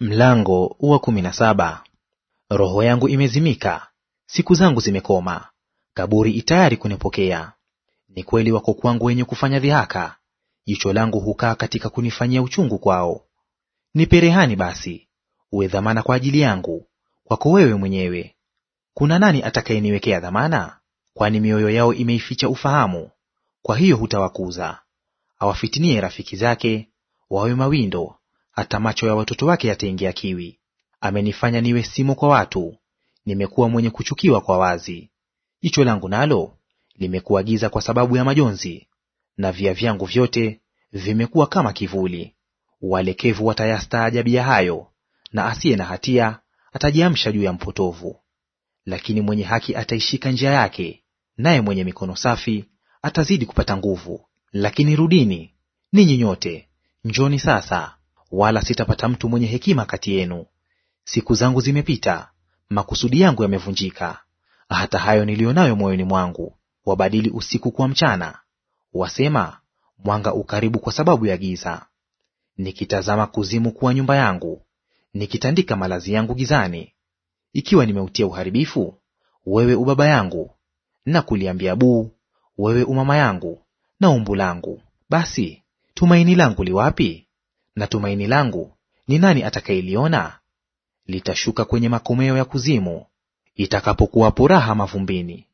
Mlango wa kumi na saba. Roho yangu imezimika, siku zangu zimekoma, kaburi itayari kunipokea. Ni kweli wako kwangu wenye kufanya dhihaka, jicho langu hukaa katika kunifanyia uchungu kwao. Ni perehani basi, uwe dhamana kwa ajili yangu kwako wewe mwenyewe. Kuna nani atakayeniwekea dhamana? Kwani mioyo yao imeificha ufahamu, kwa hiyo hutawakuza. Awafitinie rafiki zake, wawe mawindo hata macho ya watoto wake yataingia kiwi. Amenifanya niwe simo kwa watu, nimekuwa mwenye kuchukiwa kwa wazi. Jicho langu nalo limekuwa giza kwa sababu ya majonzi, na via vyangu vyote vimekuwa kama kivuli. Walekevu watayastaajabia hayo, na asiye na hatia atajiamsha juu ya mpotovu. Lakini mwenye haki ataishika njia yake, naye mwenye mikono safi atazidi kupata nguvu. Lakini rudini ninyi nyote, njoni sasa wala sitapata mtu mwenye hekima kati yenu. Siku zangu zimepita, makusudi yangu yamevunjika. Hata hayo niliyo nayo moyoni mwangu wabadili usiku kwa mchana, wasema mwanga ukaribu kwa sababu ya giza. Nikitazama kuzimu kuwa nyumba yangu, nikitandika malazi yangu gizani, ikiwa nimeutia uharibifu, wewe ubaba yangu, na kuliambia buu, wewe umama yangu na umbu langu, basi tumaini langu liwapi wapi? Na tumaini langu ni nani atakayeliona? Litashuka kwenye makomeo ya kuzimu, itakapokuwapo raha mavumbini.